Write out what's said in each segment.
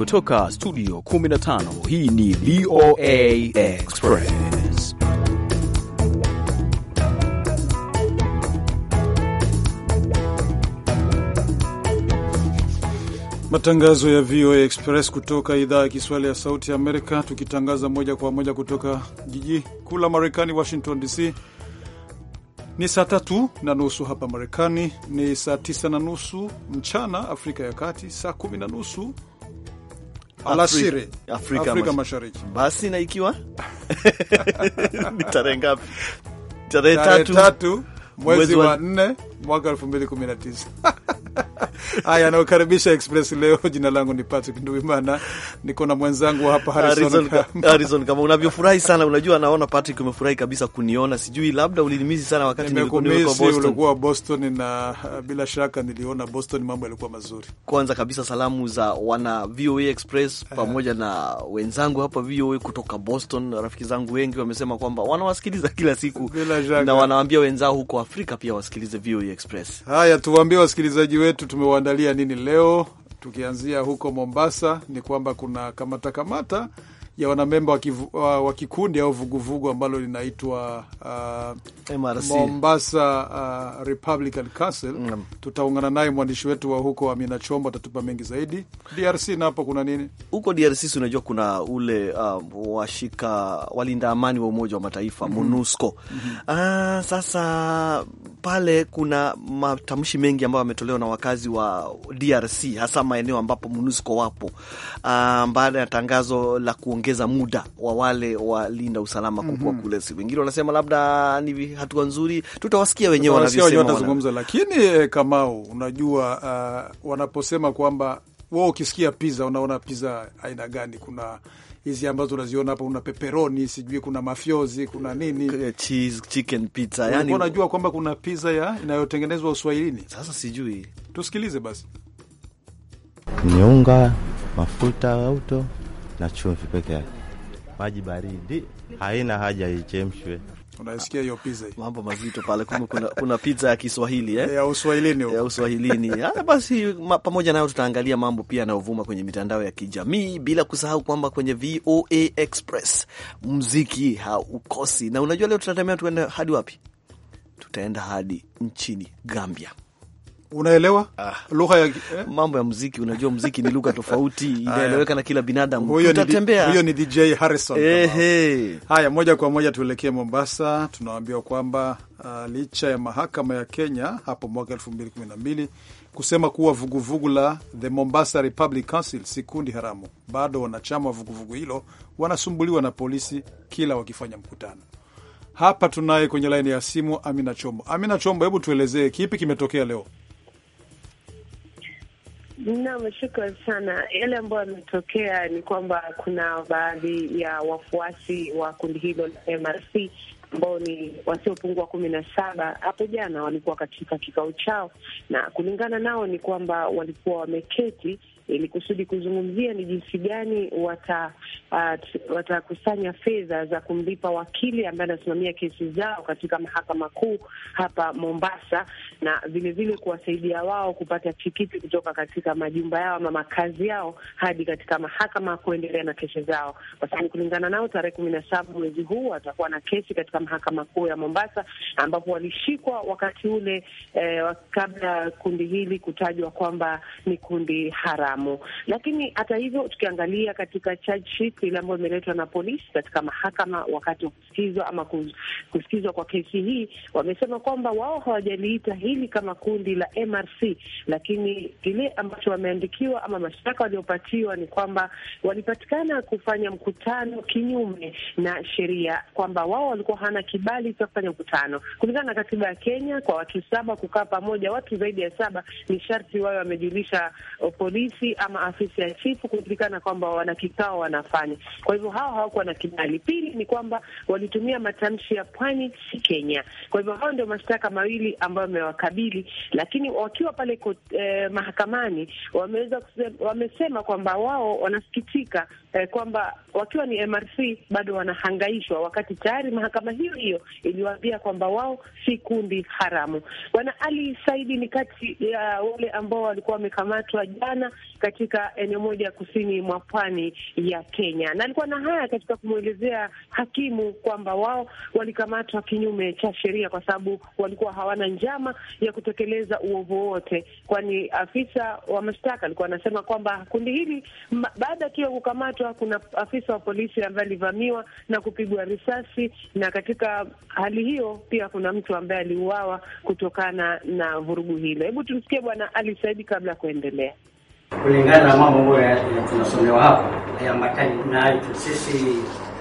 kutoka studio 15 hii ni VOA Express. Matangazo ya VOA Express kutoka idhaa ya Kiswahili ya Sauti ya Amerika, tukitangaza moja kwa moja kutoka jiji kuu la Marekani, Washington DC. Ni saa tatu na nusu hapa Marekani, ni saa tisa na nusu mchana Afrika ya Kati, saa kumi na nusu Alasiri Afrika, Afrika, Mashariki. Basi na ikiwa ni tarehe ngapi? Tarehe tatu mwezi wa nne mwaka elfu mbili kumi na tisa Haya, anaokaribisha Express leo. Jina langu ni Patrick Nduimana, niko na mwenzangu hapa Harrison, Harrison kama unavyofurahi sana. Unajua, naona Patrick umefurahi kabisa kuniona, sijui labda ulinimizi sana wakati ulikuwa Boston, na uh, bila shaka niliona Boston mambo yalikuwa mazuri. Kwanza kabisa salamu za wana VOA Express eh. pamoja na wenzangu hapa VOA kutoka Boston. Rafiki zangu wengi wamesema kwamba wanawasikiliza kila siku na wanawaambia wenzao huko Afrika pia wasikilize VOA Express. Haya, tuwaambie wasikilizaji wetu tumewaandalia nini leo? Tukianzia huko Mombasa, ni kwamba kuna kamata kamata ya wanamemba wa kikundi au vuguvugu ambalo linaitwa uh, Mombasa uh, Republican Council mm. Tutaungana naye mwandishi wetu wa huko Amina Chombo atatupa mengi zaidi. DRC napo kuna nini huko DRC? Unajua kuna ule uh, washika walinda amani wa Umoja wa Mataifa mhm. MONUSCO mm -hmm. Uh, sasa pale kuna matamshi mengi ambayo yametolewa na wakazi wa DRC hasa maeneo ambapo MONUSCO wapo ah, baada ya tangazo la kuongeza muda wa wale walinda usalama kukua mhm. kule si Wengine wanasema labda ni hatua nzuri, tutawasikia wenyewe wanavyosema, watazungumza. Lakini eh, Kamau, unajua uh, wanaposema kwamba wao, ukisikia pizza unaona pizza aina gani? kuna hizi ambazo unaziona hapa, una peperoni, sijui kuna mafyozi, kuna nini, cheese chicken pizza. Yani unajua kwamba kuna pizza ya inayotengenezwa Uswahilini. Sasa sijui, tusikilize basi. Ni unga, mafuta, auto na chumvi peke yake, maji baridi, haina haja ichemshwe. Unasikia hiyo pizza hii, mambo mazito pale. kuna, kuna pizza ya Kiswahili eh? ya Uswahilini, ya Uswahilini. Haya basi, pamoja nayo tutaangalia mambo pia yanayovuma kwenye mitandao ya kijamii, bila kusahau kwamba kwenye VOA Express muziki haukosi. Na unajua leo tunatemea, tuende hadi wapi? Tutaenda hadi nchini Gambia. Unaelewa ah, lugha ya eh? Mambo ya muziki, unajua mziki ni lugha tofauti inaeleweka na kila binadamu. Huyo ni DJ Harrison. Eh, Haya, moja kwa moja tuelekee Mombasa. Tunaambiwa kwamba uh, licha ya mahakama ya Kenya hapo mwaka elfu mbili kumi na mbili kusema kuwa vuguvugu vugu la The Mombasa Republic Council si kundi haramu, bado wanachama wa vuguvugu hilo wanasumbuliwa na polisi kila wakifanya mkutano. Hapa tunaye kwenye laini ya simu Amina Chombo. Amina Chombo, hebu tuelezee kipi kimetokea leo? Naam, shukran sana. Yale ambayo yametokea ni kwamba kuna baadhi ya wafuasi wa kundi hilo la MRC ambao ni wasiopungua kumi na saba hapo jana walikuwa katika kikao chao, na kulingana nao ni kwamba walikuwa wameketi ili kusudi kuzungumzia ni jinsi gani uh, watakusanya uh, wata fedha za kumlipa wakili ambaye anasimamia kesi zao katika mahakama kuu hapa Mombasa, na vilevile kuwasaidia wao kupata tikiti kutoka katika majumba yao ama makazi yao hadi katika mahakama kuendelea na kesi zao, kwa sababu kulingana nao, tarehe kumi na saba mwezi huu watakuwa na kesi katika mahakama kuu ya Mombasa, ambapo walishikwa wakati ule eh, kabla kundi hili kutajwa kwamba ni kundi haramu. Waislamu. Lakini hata hivyo, tukiangalia katika charge sheet ile ambayo imeletwa na polisi katika mahakama wakati wa kusikizwa ama kusikizwa kwa kesi hii, wamesema kwamba wao hawajaliita hili kama kundi la MRC, lakini kile ambacho wameandikiwa ama mashtaka waliopatiwa ni kwamba walipatikana kufanya mkutano kinyume na sheria, kwamba wao walikuwa hawana kibali cha kufanya mkutano kulingana na katiba ya Kenya. Kwa watu saba kukaa pamoja, watu zaidi ya saba, ni sharti wawe wamejulisha uh, polisi ama afisi ya chifu kujulikana kwamba wana kikao wanafanya. Kwa hivyo hao hawakuwa na kibali. Pili ni kwamba walitumia matamshi ya pwani, si Kenya. Kwa hivyo hao ndio mashtaka mawili ambayo amewakabili, lakini wakiwa pale eh, mahakamani wameweza wamesema kwamba wao wanasikitika eh, kwamba wakiwa ni MRC bado wanahangaishwa, wakati tayari mahakama hiyo hiyo iliwaambia kwamba wao si kundi haramu. Bwana Ali Saidi ni kati ya wale ambao walikuwa wamekamatwa jana katika eneo moja kusini mwa pwani ya Kenya, na alikuwa na haya katika kumwelezea hakimu kwamba wao walikamatwa kinyume cha sheria kwa sababu walikuwa hawana njama ya kutekeleza uovu wote kwani afisa wa mashtaka alikuwa anasema kwamba kundi hili baada tu ya kukamatwa, kuna afisa wa polisi ambaye alivamiwa na kupigwa risasi, na katika hali hiyo pia kuna mtu ambaye aliuawa kutokana na vurugu hilo. Hebu tumsikie Bwana Ali Saidi kabla ya kuendelea kulingana na mambo ambayo tunasomewa hapa hayaambatani na hali tu. Sisi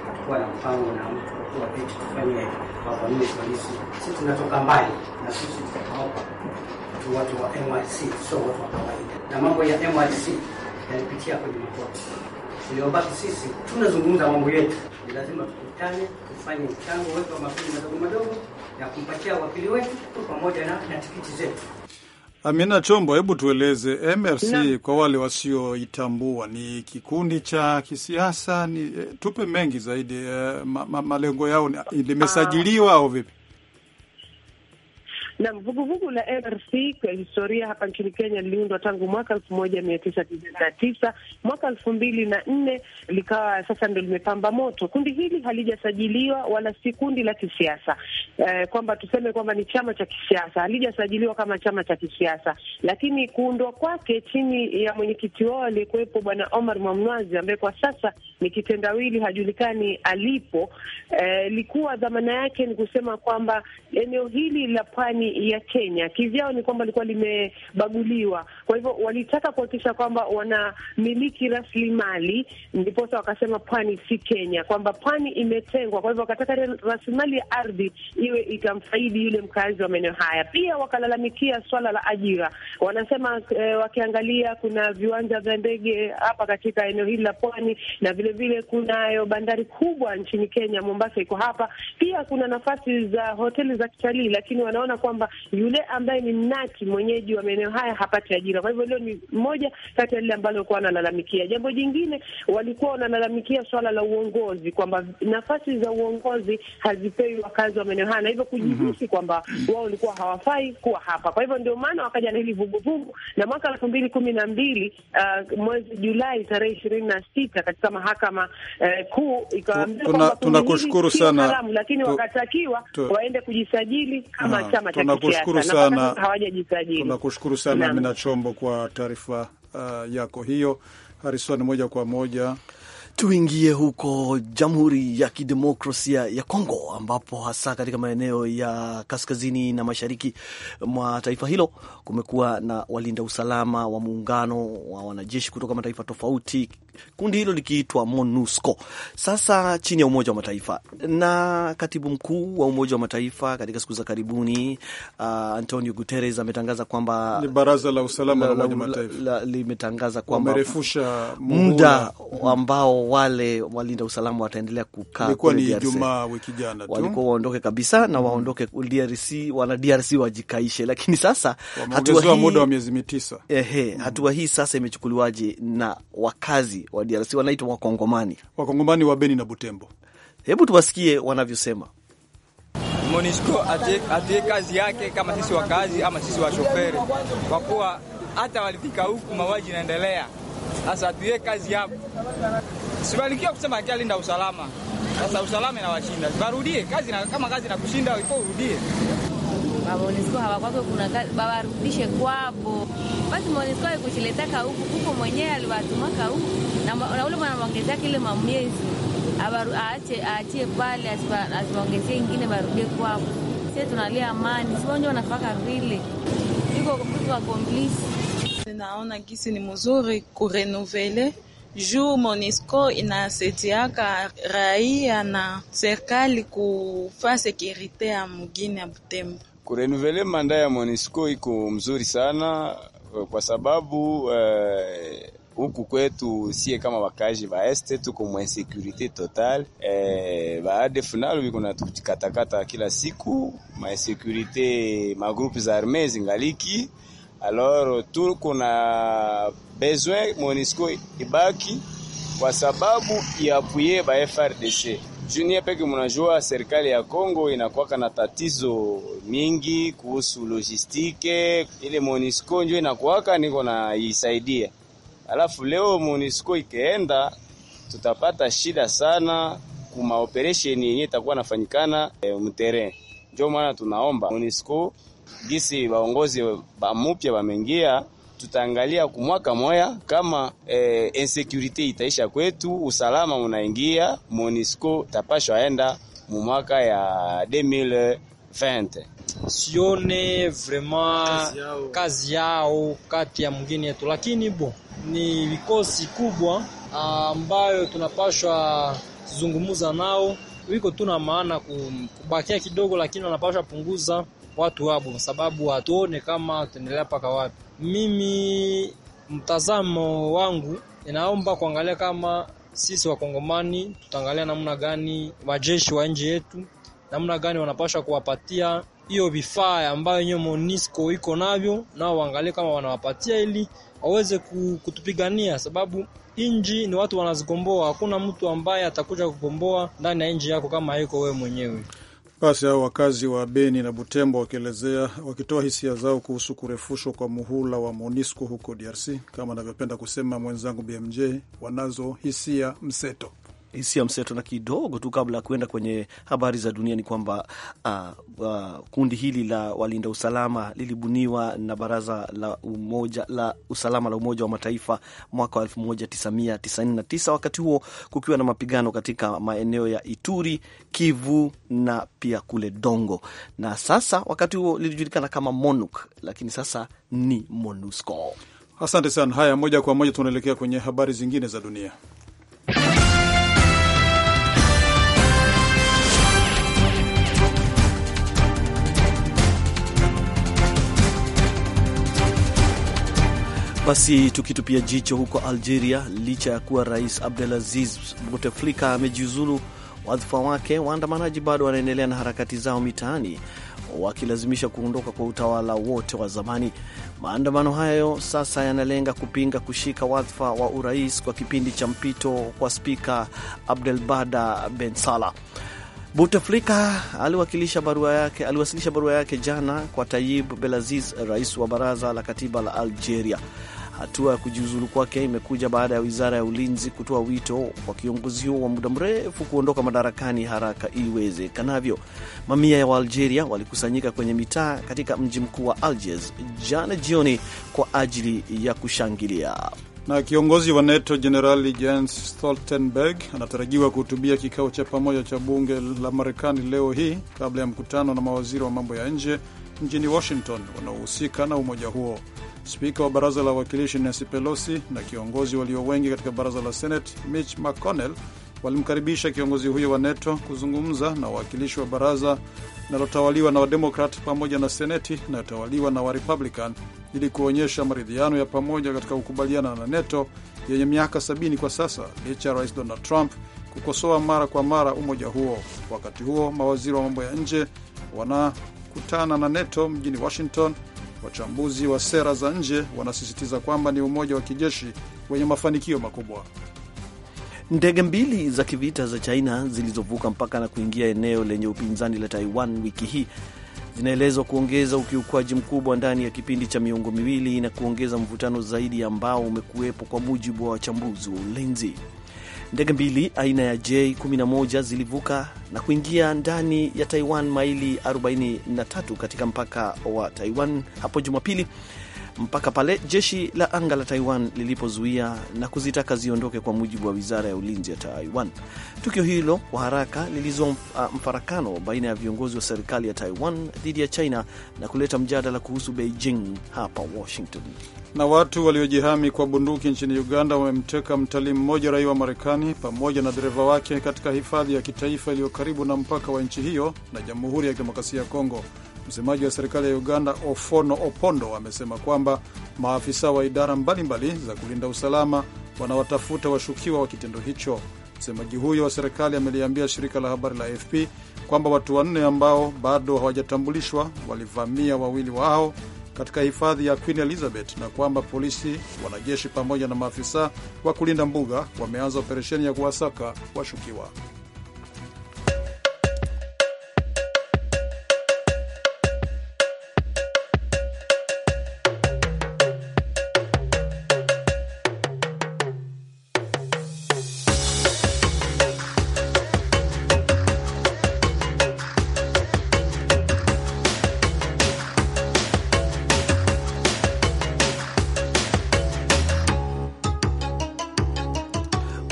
hatukuwa na mpango na mtu kwa beti tufanye mapambano polisi. Sisi tunatoka mbali na sisi hapa tu watu wa MRC, sio watu wa kawaida, na mambo ya MRC yalipitia kwenye makoti. Iliyobaki sisi tunazungumza mambo yetu, ni lazima tukutane, tufanye mchango wetu wa makundi madogo madogo ya kumpatia wakili wetu pamoja na tikiti zetu. Amina Chombo, hebu tueleze MRC na, kwa wale wasioitambua ni kikundi cha kisiasa ni, eh, tupe mengi zaidi. Uh, ma, ma, malengo yao ah. limesajiliwa au vipi? Na vuguvugu la LRC kwa historia hapa nchini Kenya liliundwa tangu mwaka elfu moja mia tisa tisini na tisa. Mwaka elfu mbili na nne likawa sasa ndo limepamba moto. Kundi hili halijasajiliwa wala si kundi la kisiasa eh, kwamba tuseme kwamba ni chama cha kisiasa. Halijasajiliwa kama chama cha kisiasa, lakini kuundwa kwake chini ya mwenyekiti wao aliyekuwepo Bwana Omar Mwamnwazi ambaye kwa sasa ni kitendawili, hajulikani alipo, eh, likuwa dhamana yake ni kusema kwamba eneo hili la pwani ya Kenya kivyao ni kwamba likuwa limebaguliwa. Kwa hivyo walitaka kuhakikisha kwamba wanamiliki rasilimali, ndiposa wakasema pwani si Kenya, kwamba pwani imetengwa. Kwa hivyo wakataka rasilimali ya ardhi iwe itamfaidi yule mkazi wa maeneo haya. Pia wakalalamikia swala la ajira, wanasema eh, wakiangalia kuna viwanja vya ndege hapa katika eneo hili la pwani na vilevile kunayo bandari kubwa nchini Kenya, Mombasa iko hapa. Pia kuna nafasi za hoteli za kitalii, lakini wanaona kwamba kwamba yule ambaye ni mnati mwenyeji wa maeneo haya hapati ajira. Kwa hivyo hilo ni moja kati ya lile ambalo walikuwa wanalalamikia. Jambo jingine walikuwa wanalalamikia swala la uongozi, kwamba nafasi za uongozi hazipewi wakazi wa maeneo haya, na hivyo kujihisi mm -hmm. kwamba wao walikuwa hawafai kuwa hapa. Kwa hivyo ndio maana wakaja na hili vuguvugu, na mwaka elfu mbili kumi na mbili uh, mwezi Julai tarehe ishirini na sita katika mahakama uh, kuu ikawaambia kwamba tunakushukuru sana haramu, lakini tu, wakatakiwa tu, waende kujisajili kama chama cha tunakushukuru sana, tunakushukuru sana Amina Chombo kwa taarifa uh, yako hiyo. Harison, moja kwa moja tuingie huko Jamhuri ya Kidemokrasia ya Kongo, ambapo hasa katika maeneo ya kaskazini na mashariki mwa taifa hilo kumekuwa na walinda usalama wa muungano wa wanajeshi kutoka mataifa tofauti kundi hilo likiitwa MONUSCO, sasa chini ya Umoja wa Mataifa. Na katibu mkuu wa Umoja wa Mataifa katika siku za karibuni uh, Antonio Guterres ametangaza kwamba baraza la usalama la Umoja wa Mataifa limetangaza kwamba wamerefusha muda ambao wale walinda usalama wataendelea kukaa walikuwa waondoke kabisa na waondoke DRC, wana DRC wajikaishe, lakini sasa hatua hii, muda wa miezi mitisa. Ehe, hatua hii sasa imechukuliwaje na wakazi wa DRC wanaitwa Wakongomani, Wakongomani wa Beni na Butembo. Hebu tuwasikie wanavyosema. Monisco atuye kazi yake kama sisi wakazi ama sisi washoferi, kwa kuwa hata walifika huku mauaji inaendelea sasa. Atuye kazi yapo, sibalikiwa kusema akialinda usalama. Sasa usalama inawashinda, barudie kazi na, kama kazi kushinda ifo urudie Wamonisco hawakwake kuna kazi, wawarudishe kwabo. Basi Monisco haikuchiletaka huku kuko mwenyewe aliwatumaka huku na ule mwanaongezaka kile mamiezi aache aachie pale, asiwaongezie ingine, warudie kwabo. Sie tunalia amani, siwanje wanafaka vile iko komplisi. Naona gisi ni mzuri kurenovele juu Monusco inasaidiaka raia na serikali kufa sekurite ya mugini ya Butembo. Kurenuvele manda ya Monusco iko mzuri sana eh, kwa sababu eh, huku kwetu sie kama wakaji wa este tuko mwa insecurity total. Eh, baade nalo biko na kila siku ma insecurity, magrupu za arme zingaliki Alors tu kuna besoin MONUSCO ibaki kwa sababu iapuye ba FRDC. Junior peke, mnajua serikali ya Kongo inakuwa na tatizo mingi kuhusu logistike, ile MONUSCO ndio inakuwaka niko na isaidia. Alafu leo MONUSCO ikeenda, tutapata shida sana kuma operation yenye itakuwa nafanyikana e, eh, mterrain. Ndio maana tunaomba MONUSCO gisi waongozi bamupya wameingia tutaangalia kumwaka moya kama eh, insecurity itaisha kwetu, usalama unaingia. Monisco tapashwa enda mumwaka ya 2020 sione vraiment kazi yao, kazi yao kati ya mwingine yetu, lakini bo ni vikosi kubwa ah, ambayo tunapashwa zungumuza nao, wiko tuna maana kubakia kidogo, lakini wanapashwa punguza watu wabo sababu hatuone kama tunaendelea mpaka wapi. Mimi mtazamo wangu inaomba kuangalia kama sisi wakongomani tutaangalia namna gani wajeshi wa nje yetu, namna gani wanapaswa kuwapatia hiyo vifaa ambayo yenyewe Monisco iko navyo, nao waangalie kama wanawapatia ili waweze kutupigania, sababu inji ni watu wanazigomboa. Hakuna mtu ambaye atakuja kugomboa ndani ya inji yako kama haiko wewe mwenyewe. Basi hao wakazi wa Beni na Butembo wakielezea wakitoa hisia zao kuhusu kurefushwa kwa muhula wa MONUSCO huko DRC. Kama anavyopenda kusema mwenzangu BMJ, wanazo hisia mseto hisia mseto. Na kidogo tu kabla ya kuenda kwenye habari za dunia ni kwamba uh, uh, kundi hili la walinda usalama lilibuniwa na Baraza la Umoja la Usalama la Umoja wa Mataifa mwaka wa 1999 wakati huo kukiwa na mapigano katika maeneo ya Ituri, Kivu na pia kule Dongo, na sasa wakati huo lilijulikana kama MONUC, lakini sasa ni MONUSCO. Asante sana. Haya, moja kwa moja tunaelekea kwenye habari zingine za dunia. Basi tukitupia jicho huko Algeria, licha ya kuwa Rais Abdelaziz Bouteflika amejiuzulu wadhifa wake, waandamanaji bado wanaendelea na harakati zao mitaani wakilazimisha kuondoka kwa utawala wote wa zamani. Maandamano hayo sasa yanalenga kupinga kushika wadhifa wa urais kwa kipindi cha mpito kwa spika Abdelbada Ben Salah. Bouteflika aliwakilisha barua yake, aliwasilisha barua yake jana kwa Tayib Belaziz, rais wa baraza la katiba la Algeria. Hatua ya kujiuzulu kwake imekuja baada ya wizara ya ulinzi kutoa wito kwa kiongozi huo wa muda mrefu kuondoka madarakani haraka iwezekanavyo. Mamia ya Waalgeria walikusanyika kwenye mitaa katika mji mkuu wa Algiers jana jioni kwa ajili ya kushangilia. Na kiongozi wa NATO Jenerali Jens Stoltenberg anatarajiwa kuhutubia kikao cha pamoja cha bunge la Marekani leo hii kabla ya mkutano na mawaziri wa mambo ya nje mjini Washington wanaohusika na umoja huo. Spika wa baraza la wawakilishi Nancy Pelosi na kiongozi walio wengi katika baraza la Senate Mitch McConnell walimkaribisha kiongozi huyo wa NATO kuzungumza na wawakilishi wa baraza linalotawaliwa na Wademokrat pamoja na Seneti inayotawaliwa na Warepublican ili kuonyesha maridhiano ya pamoja katika kukubaliana na NATO yenye miaka sabini kwa sasa licha ya Rais Donald Trump kukosoa mara kwa mara umoja huo. Wakati huo mawaziri wa mambo ya nje wanakutana na NATO mjini Washington Wachambuzi wa sera za nje wanasisitiza kwamba ni umoja wa kijeshi wenye mafanikio makubwa. Ndege mbili za kivita za China zilizovuka mpaka na kuingia eneo lenye upinzani la Taiwan wiki hii zinaelezwa kuongeza ukiukwaji mkubwa ndani ya kipindi cha miongo miwili na kuongeza mvutano zaidi ambao umekuwepo, kwa mujibu wa wachambuzi wa ulinzi. Ndege mbili aina ya J11 zilivuka na kuingia ndani ya Taiwan maili 43 katika mpaka wa Taiwan hapo Jumapili mpaka pale jeshi la anga la Taiwan lilipozuia na kuzitaka ziondoke, kwa mujibu wa wizara ya ulinzi ya Taiwan. Tukio hilo kwa haraka lilizua uh, mfarakano baina ya viongozi wa serikali ya Taiwan dhidi ya China na kuleta mjadala kuhusu Beijing hapa Washington. Na watu waliojihami kwa bunduki nchini Uganda wamemteka mtalii mmoja raia wa Marekani pamoja na dereva wake katika hifadhi ya kitaifa iliyo karibu na mpaka wa nchi hiyo na Jamhuri ya Kidemokrasia ya Kongo. Msemaji wa serikali ya Uganda Ofono Opondo amesema kwamba maafisa wa idara mbalimbali mbali za kulinda usalama wanawatafuta washukiwa wa kitendo hicho. Msemaji huyo wa serikali ameliambia shirika la habari la AFP kwamba watu wanne ambao bado hawajatambulishwa walivamia wawili wao katika hifadhi ya Queen Elizabeth na kwamba polisi, wanajeshi pamoja na maafisa wa kulinda mbuga wameanza operesheni ya kuwasaka washukiwa.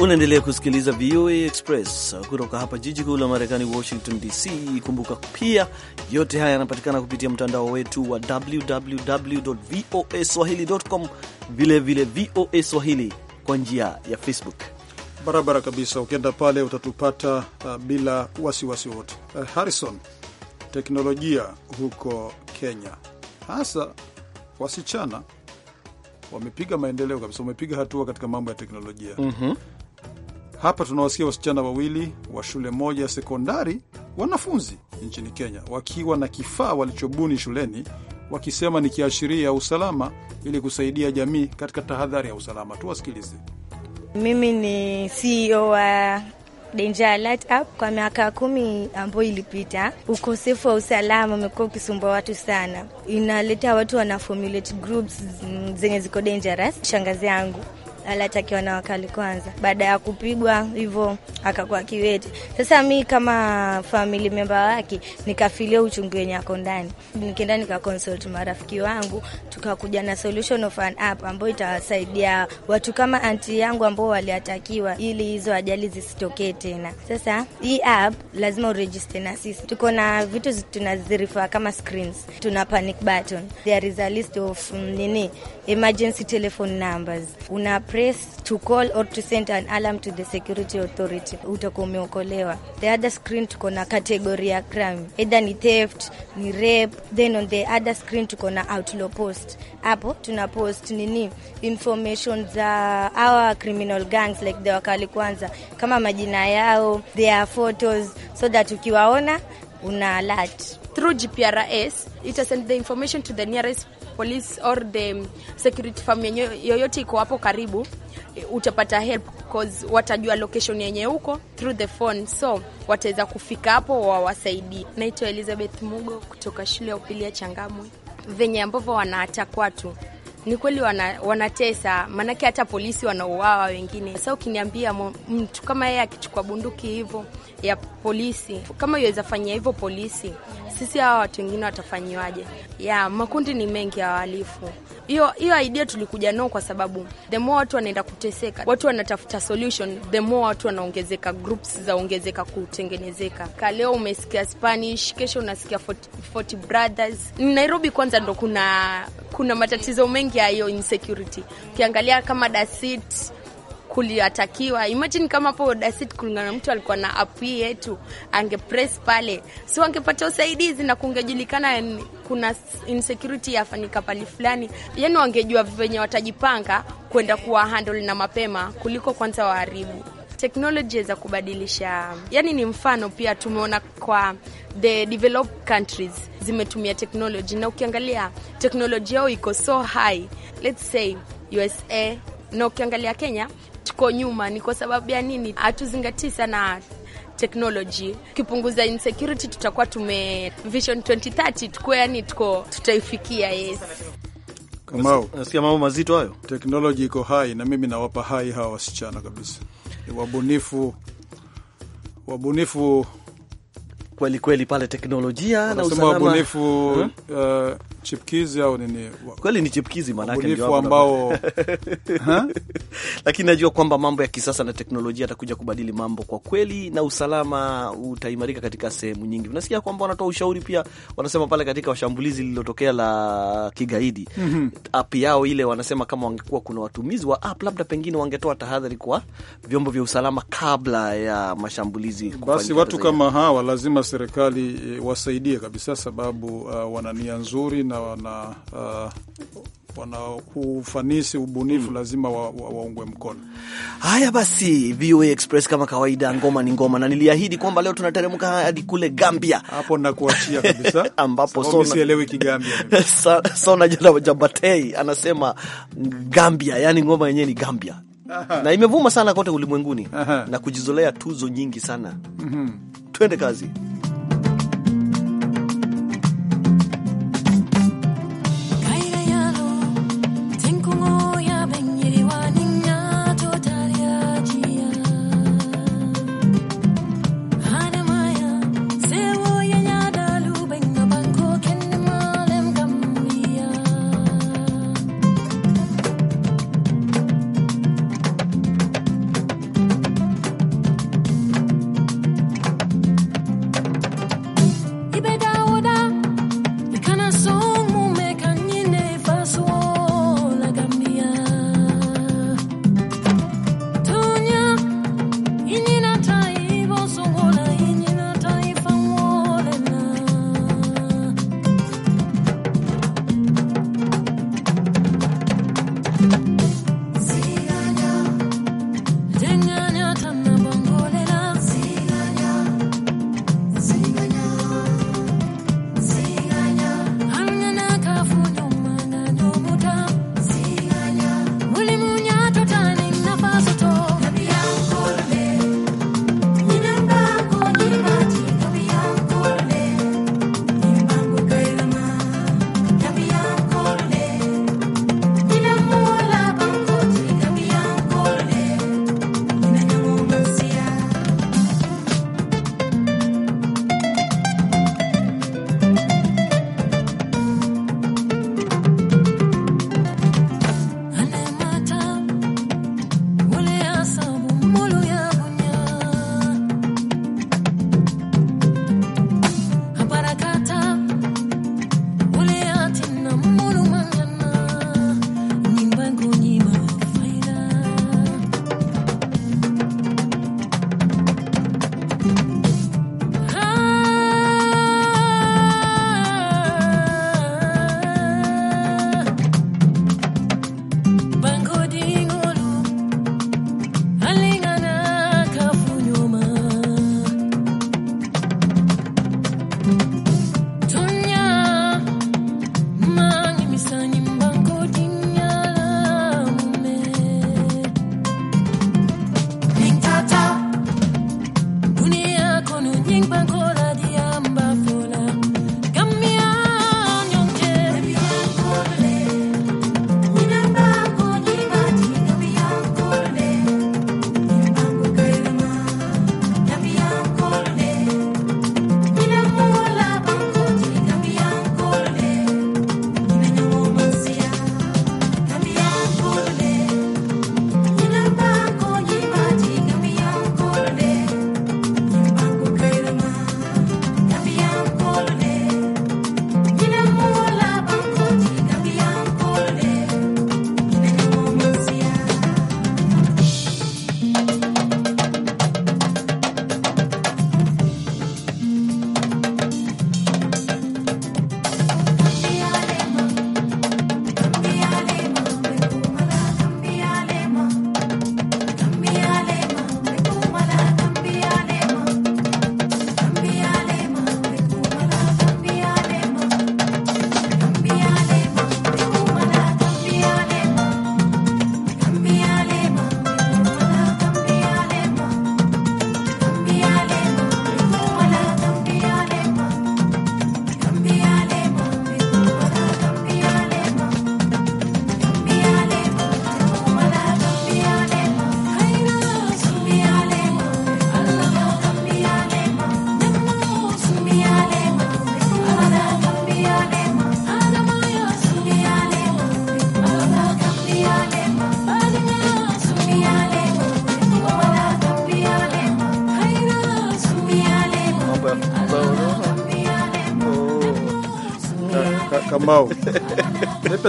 Unaendelea kusikiliza VOA Express kutoka hapa jiji kuu la Marekani, Washington DC. Kumbuka pia yote haya yanapatikana kupitia mtandao wetu wa www voa swahili.com, vilevile VOA Swahili kwa njia ya Facebook. Barabara kabisa, ukienda pale utatupata uh, bila wasiwasi wote wasi. Uh, Harrison, teknolojia huko Kenya hasa wasichana wamepiga maendeleo kabisa, wamepiga hatua katika mambo ya teknolojia mm -hmm. Hapa tunawasikia wasichana wawili wa shule moja ya sekondari, wanafunzi nchini Kenya, wakiwa na kifaa walichobuni shuleni, wakisema ni kiashiria ya usalama ili kusaidia jamii katika tahadhari ya usalama. Tuwasikilize. Mimi ni CEO wa Danger Alert App. Kwa miaka kumi ambayo ilipita, ukosefu wa usalama umekuwa ukisumbua watu sana, inaleta watu wana formulate groups zenye ziko dangerous. Shangazi yangu alitakiwa na wakali kwanza, baada ya kupigwa hivyo akakuwa kiwete. Sasa mi kama family member wake nikafilia uchungu wenye ako ndani, nikaenda nikaconsult marafiki wangu, tukakuja na solution of an app ambayo itawasaidia watu kama anti yangu ambao waliatakiwa, ili hizo ajali zisitokee tena. Sasa hii app lazima uregister na sisi, tuko na vitu tunazirifa kama screens, tuna panic button, there is a list of mm, nini emergency telephone numbers una press to call or to send an alarm to the security authority, utakuwa umeokolewa. The other screen tuko na category ya crime, either ni theft, ni rape. Then on the other screen tuko na outlaw post. Hapo tuna post nini information za our criminal gangs like the wakali kwanza, kama majina yao, their photos, so that ukiwaona una alert through GPRS it will send the information to the nearest police or the security firm yenye yoyote iko hapo karibu, e, utapata help cause watajua location yenye huko through the phone, so wataweza kufika hapo wawasaidie. Naitwa Elizabeth Mugo kutoka shule ya upili ya Changamwe. Venye ambavyo wanaatakwatu ni kweli wana, wanatesa, maanake hata polisi wanauawa wengine. Sa ukiniambia mtu kama yeye akichukua bunduki hivyo ya polisi, kama iweza fanyia hivyo polisi, sisi hawa watu wengine watafanyiwaje? Ya makundi ni mengi ya wahalifu. Hiyo hiyo idea tulikuja nao kwa sababu the more watu wanaenda kuteseka, watu wanatafuta solution, the more watu wanaongezeka, groups zaongezeka kutengenezeka. Ka leo umesikia Spanish, kesho unasikia 40 brothers. Nairobi kwanza ndo kuna kuna matatizo mengi kuchangia hiyo insecurity. Ukiangalia kama Dasit kuliatakiwa, imagine kama hapo Dasit kulingana na mtu alikuwa na app yetu angepres pale, so angepata usaidizi na kungejulikana kuna insecurity yafanyika pali fulani, yani wangejua venye watajipanga kwenda kuwa handle na mapema kuliko kwanza waharibu teknolojia za kubadilisha, yani ni mfano pia tumeona kwa the developed countries zimetumia teknoloji, na ukiangalia teknoloji yao iko so high, let's say USA, na ukiangalia Kenya tuko nyuma. Ni kwa sababu ya nini? Hatuzingatii sana teknoloji. Ukipunguza insecurity, tutakuwa tume vision 2030 tuko yani, tuko tutaifikia. Yes. Kamau, nasikia mambo mazito hayo. Teknoloji iko hai na mimi nawapa hai hawa wasichana kabisa wabunifu wabunifu kweli kweli pale teknolojia na usalama wabunifu hmm? uh, eh, chipkizi au nini? Kweli ni chipkizi, maanake ndio ambao lakini najua kwamba mambo ya kisasa na teknolojia atakuja kubadili mambo kwa kweli, na usalama utaimarika katika sehemu nyingi. Unasikia kwamba wanatoa ushauri pia, wanasema pale katika washambulizi lililotokea la kigaidi mhm. app yao ile, wanasema kama wangekuwa kuna watumizi wa app, labda pengine wangetoa tahadhari kwa vyombo vya usalama kabla ya mashambulizi. Basi watu kama hawa lazima serikali eh, wasaidie kabisa, sababu uh, wana nia nzuri na vijana wana uh, wana ufanisi ubunifu, mm. lazima waungwe wa, wa mkono. Haya basi, VOA Express kama kawaida, ngoma ni ngoma, na niliahidi kwamba leo tunateremka hadi kule Gambia. Hapo nakuachia kabisa ambapo sona sielewi Kigambia sona jana Jabatei anasema Gambia, yani ngoma yenyewe ni Gambia. Aha. na imevuma sana kote ulimwenguni na kujizolea tuzo nyingi sana. mm -hmm. Twende kazi.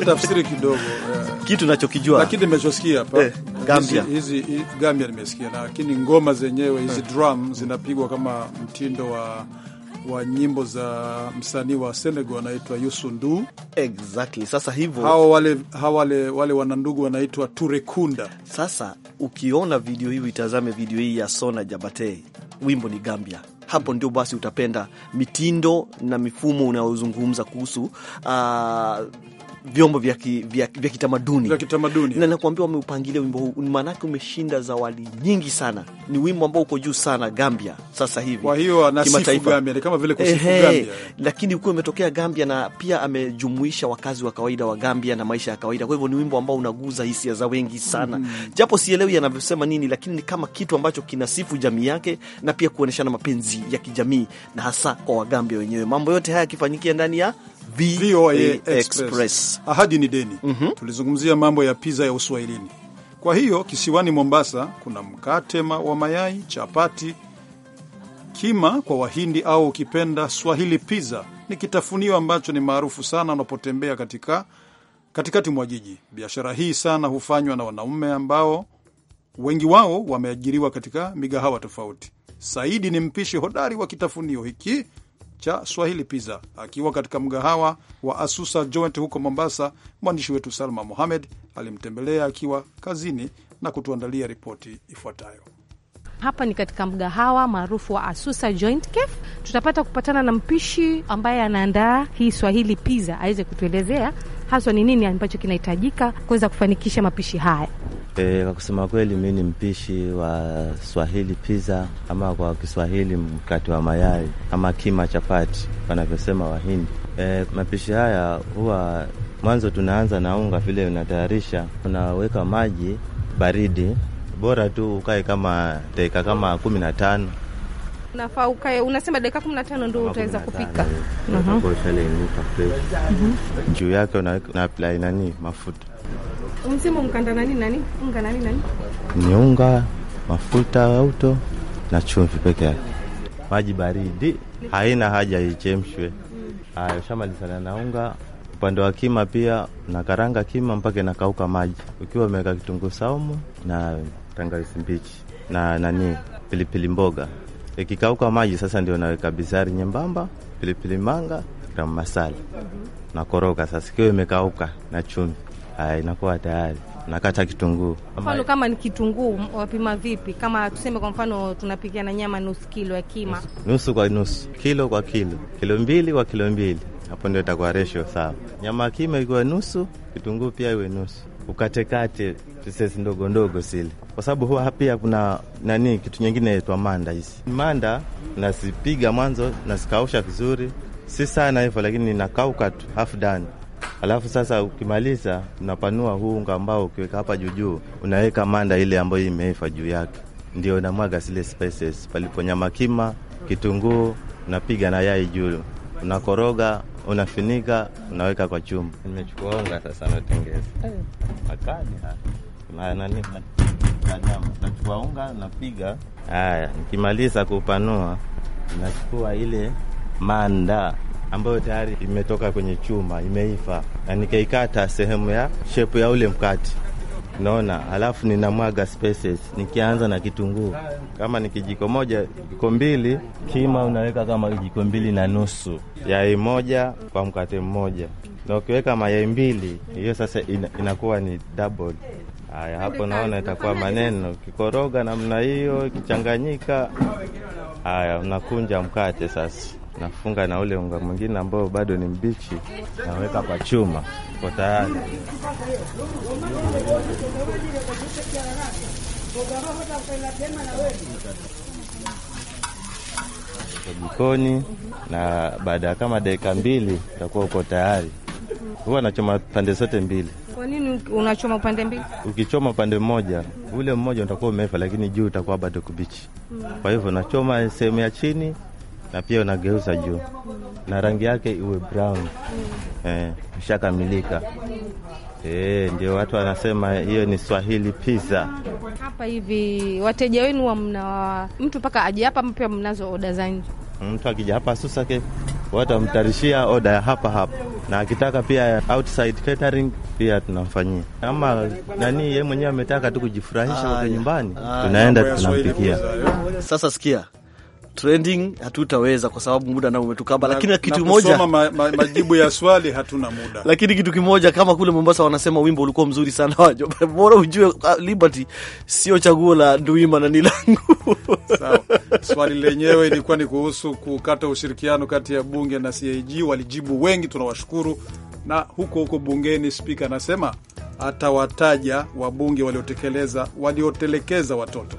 tafsiri kidogo eh. kitu nachokijua, lakini nimechosikia hapa eh, Gambia hizi, hizi, Gambia nimesikia, lakini ngoma zenyewe hizi eh, drum zinapigwa kama mtindo wa wa nyimbo za msanii wa Senegal anaitwa Yusundu. Exactly. Sasa hivyo hao wale, hao wale, wale wanandugu wanaitwa Turekunda. Sasa ukiona video hii, itazame video hii ya Sona Jabate, wimbo ni Gambia hapo ndio basi utapenda mitindo na mifumo unayozungumza kuhusu uh, vyombo vya kitamaduni vya kitamaduni, na nakwambia wameupangilia wimbo huu, maanake umeshinda zawadi nyingi sana. Ni wimbo ambao uko juu sana Gambia sasa hivi, kwa hiyo anasifu Gambia ni kama vile kusifu Gambia, lakini ukiwa umetokea Gambia na pia amejumuisha wakazi wa kawaida wa Gambia na maisha ya kawaida. Kwa hivyo ni wimbo ambao unaguza hisia za wengi sana mm. Japo sielewi anavyosema nini, lakini ni kama kitu ambacho kinasifu jamii yake na pia kuoneshana mapenzi ya kijamii na hasa kwa Wagambia wenyewe. Mambo yote haya yakifanyikia ndani ya VOA Express. Ahadi ni deni. mm -hmm. Tulizungumzia mambo ya pizza ya Uswahilini. Kwa hiyo kisiwani Mombasa kuna mkate wa mayai, chapati, kima kwa Wahindi au ukipenda Swahili pizza ni kitafunio ambacho ni maarufu sana unapotembea katika katikati mwa jiji. Biashara hii sana hufanywa na wanaume ambao wengi wao wameajiriwa katika migahawa tofauti. Saidi ni mpishi hodari wa kitafunio hiki cha Swahili Pizza akiwa katika mgahawa wa Asusa Joint huko Mombasa. Mwandishi wetu Salma Mohamed alimtembelea akiwa kazini na kutuandalia ripoti ifuatayo. Hapa ni katika mgahawa maarufu wa Asusa Joint Cafe. Tutapata kupatana na mpishi ambaye anaandaa hii Swahili Pizza aweze kutuelezea haswa ni nini ambacho kinahitajika kuweza kufanikisha mapishi haya. E, eh, kwa kusema kweli mi ni mpishi wa Swahili pizza ama kwa Kiswahili mkate wa mayai ama kima chapati wanavyosema Wahindi. E, mapishi haya huwa mwanzo tunaanza na unga, vile unatayarisha unaweka maji baridi, bora tu ukae kama dakika kama kumi na tano Unafaa ukae, unasema dakika kumi na tano utaweza kupika mhm. mhm. juu yake, na apply nani mafuta msima mkanda nani nani unga nani nani ni unga mafuta auto na chumvi peke yake, maji baridi, haina haja ichemshwe. Haya, ushamalizana na unga. Upande wa kima pia na karanga kima mpaka inakauka maji, ukiwa umeweka kitunguu saumu na tangawizi mbichi na nani pilipili mboga Ikikauka maji sasa ndio naweka bizari nyembamba, pilipili manga, gramu masala na koroga. Sasa kiwa imekauka na chumvi, haya inakuwa tayari. Nakata kitunguu. Mfano kama ni kitunguu wapima vipi? Kama tuseme kwa mfano tunapikia na nyama nusu kilo ya kima, nusu kwa nusu, kilo kwa kilo, kilo mbili kwa kilo mbili hapo ndio itakuwa resho sawa. Nyama kima ikiwa nusu, kitunguu pia iwe nusu, ukatekate pieces ndogo ndogo zile, kwa sababu huwa pia kuna nani, kitu nyingine inaitwa manda. Hizi manda nazipiga mwanzo, nazikausha vizuri, si sana hivyo, lakini nakauka tu half done. Alafu sasa ukimaliza, unapanua huu unga ambao ukiweka hapa juujuu, unaweka manda ile ambayo imeiva juu yake, ndio unamwaga zile spices palipo nyama kima, kitunguu, unapiga na yai juu, unakoroga unafinika, unaweka kwa chumba. Nimechukua unga sasa, natengeza eh. makali nani, nachukua unga napiga. Haya, nikimaliza kupanua, nachukua ile manda ambayo tayari imetoka kwenye chuma imeiva, na nikaikata sehemu ya shepu ya ule mkati naona, halafu ninamwaga spices, nikianza na kitunguu. Kama ni kijiko moja, jiko mbili, kima unaweka kama kijiko mbili na nusu, yai moja kwa mkate mmoja, na ukiweka mayai mbili, hiyo sasa ina, inakuwa ni double. Haya, hapo naona itakuwa maneno. Ukikoroga namna hiyo, ikichanganyika, haya, unakunja mkate sasa, nafunga na ule unga mwingine ambao bado ni mbichi, naweka kwa chuma Tuko tayari jikoni, na baada ya kama dakika mbili utakuwa uko tayari. Huwa anachoma pande zote mbili. Kwa nini unachoma pande mbili? Ukichoma upande mmoja, ule mmoja utakuwa umeiva, lakini juu utakuwa bado kubichi. Kwa hivyo unachoma sehemu ya chini na pia unageuza juu na rangi yake iwe brown eh, ishakamilika eh, ndio watu wanasema hiyo ni Swahili pizza. Hapa hivi wateja wenu wa mna mtu mpaka aje hapa, mpya, mnazo oda za nje? Mtu akija hapa Susake watamtarishia oda ya hapa hapa, na akitaka pia outside catering pia tunamfanyia, ama nani yeye mwenyewe ametaka tu kujifurahisha ah, huko nyumbani, ah, tunaenda tunampikia. Sasa sikia trending hatutaweza kwa sababu muda nao umetukaba, lakini na, kitu moja ma, ma, majibu ya swali hatuna muda. Lakini kitu kimoja kama kule Mombasa wanasema wimbo ulikuwa mzuri sana wajoba, bora ujue ah, Liberty sio chaguo la Nduima na Nilangu. Sawa, swali lenyewe ilikuwa ni kuhusu kukata ushirikiano kati ya bunge na CAG. Walijibu wengi, tunawashukuru. Na huko huko bungeni, spika anasema atawataja wabunge waliotekeleza waliotelekeza watoto